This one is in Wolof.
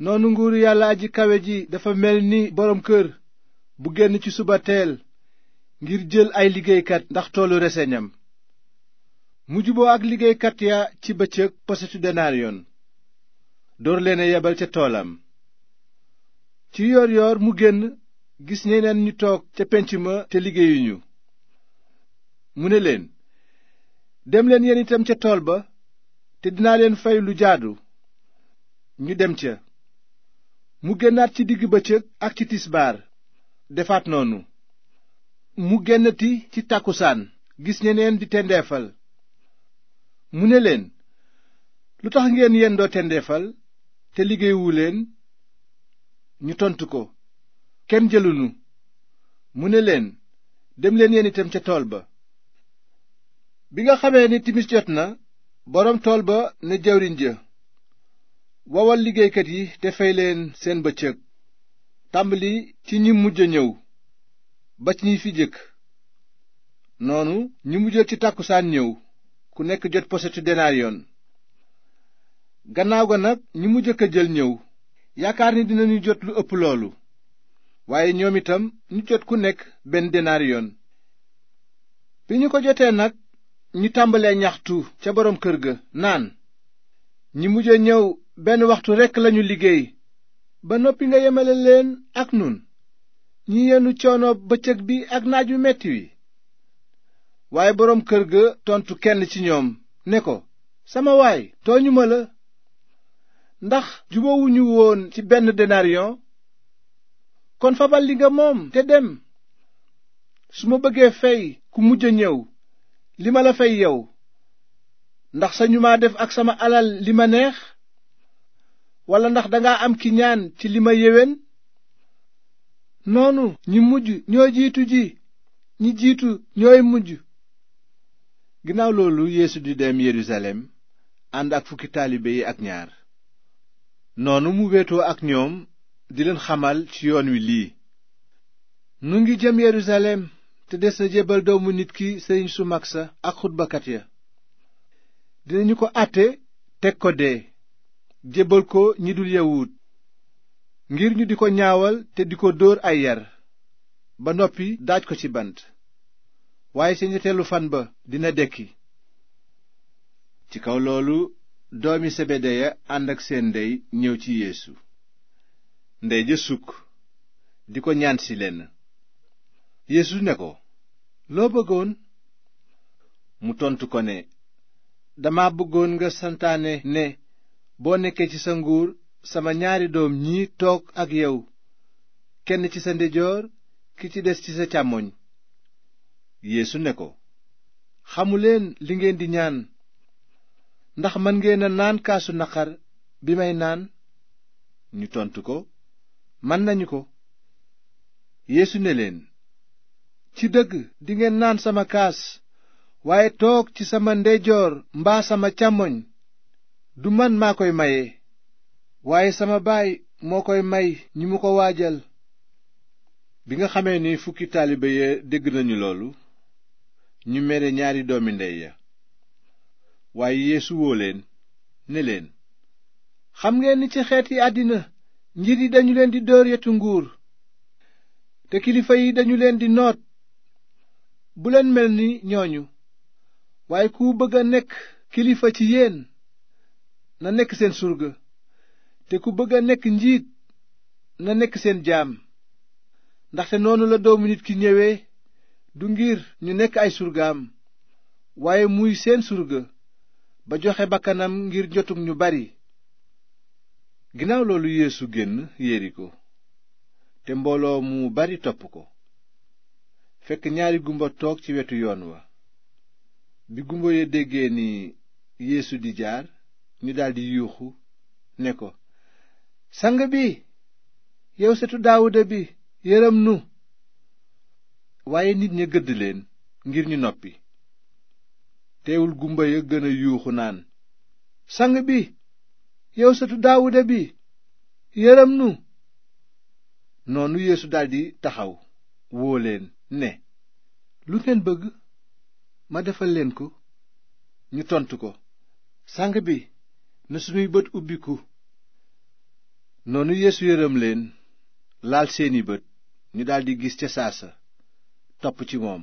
noonu nguuru yàlla aji kawe ji dafa mel ni boroom kër bu génn ci suba teel ngir jël ay liggéeykat ndax toolu reseñam mu juboo ak liggéeykat ya ci bëccëg posetu denaaryoon door leen yebal ca toolam ci yoor yoor mu génn gis ñeneen ñu toog ca pénc ma te liggéeyuñu mu ne leen dem leen yéen itam ca tool ba te dinaa leen fay lu jaadu ñu dem ca mu génnaat ci digg bëccëg ak ci tisbaar defaat noonu mu génnati ci tàkkusaan gis ñeneen di tendeefal mu ne leen lu tax ngeen yendoo tendeefal te liggéeyuwu leen ñu tontu ko kenn jëlunu mu ne leen dem leen yéen itam ca tool ba bi nga xamee ni timis jot na boroom tool ba ne jawriñ ja wawal liggéeykat yi te fay leen seen bëccëg tàmbali ci ñi mujj a ñëw ba ci ñi fi jëkk noonu ñi mujj ci tàkkusaan ñëw ku nekk jot posetu denaaryoon gannaaw ga nag ñi mu jëkk a jël ñëw yaakaar ni dinañu jot lu ëpp loolu waaye ñoom itam ñu jot ku nekk benn denaaryoon bi ñu ko jotee nag ñu tàmbalee ñaxtu ca boroom kër ga naan ñi mujj a ñëw benn waxtu rekk lañu liggéey ba noppi nga yemale leen ak nun ñi yenu coono bëccëg bi ak naaj wu metti wi waaye boroom kër ga tontu kenn ci ñoom ne ko sama waay tooñu ma la ndax jubowuñu woon ci benn denariyon kon fabal li nga moom te dem su ma bëggee fay ku mujj a ñëw li ma la fay yow ndax sañu maa def ak sama alal li ma neex wala ndax danga am ki ñaan ci li ma yéwén noonu ñi mujj ñoo jiitu ji ñi jiitu ñooy mujj ginnaaw loolu yeesu di dem yerusalem ànd ak fukki taalibe yi ak ñaar noonu mu wéetoo ak ñoom di leen xamal ci yoon wi lii nu ngi jëm yerusalem te des na jébbal doomu nit ki sëriñ su sa ak xutbakat ya dinañu ko àtte teg ko dee jébbal ko ñi dul ngir ñu di ko ñaawal te di ko dóor ay yar ba noppi daaj ko ci bant waaye ca ñetteelu fan ba dina dekki ci kaw loolu doomi sebedeya ànd ak seen ndey ñëw ci yeesu ndey ja sukk di ko ñaan si lenn yeesu ne ko loo bëggoon mu tontu ko ne dama bëggoon nga santaane ne boo nekkee ci sa nguur sama ñaari doom ñii toog ak yow kenn ci sa ndeyjoor ki ci des ci sa càmmooñ yéesu ne ko xamuleen li ngeen di ñaan ndax mën ngeen a naan kaasu naqar bi may naan ñu tontu ko mën nañu ko yéesu ne leen ci dëgg dingeen naan sama kaas waaye toog ci sama ndeyjoor mbaa sama càmmooñ du man maa koy maye waaye sama baay moo koy may ñi mu ko waajal bi nga xamee ni fukki taalibe ya dégg nañu loolu ñu mere ñaari doomi ndey ya waaye yeesu woo leen ne leen xam ngeen ni ci yi àddina njiit yi dañu leen di dóor yetu nguur te kilifa yi dañu leen di noot bu leen mel ni ñooñu waaye ku bëgg a nekk kilifa ci yéen na nekk seen surga te ku bëgg a nekk njiit na nekk seen jaam ndaxte noonu la doomu nit ki ñëwee du ngir ñu nekk ay surgaam waaye muy seen surga ba joxe bakkanam ngir jotug ñu bari ginnaaw loolu yéesu génn yeriko te mbooloo mu bari topp ko fekk ñaari gumba toog ci wetu yoon wa bi gumba ya déggee ni yeesu di jaar ñu daldi yuuxu ne ko sang bi yow setu daawuda bi yërëm nu waaye nit ñi gëdd leen ngir ñu noppi teewul gumba ya gën a yuuxu naan sang bi yow sëtu daawuda bi yërëm nu noonu yéesu daldi taxaw woo leen ne lu ngeen bëgg ma defal leen ko ñu tontu ko sang bi na sunuy bët ubbiku noonu yeesu yërëm leen laal seeni bët ñu daldi gis ca saasa topp ci moom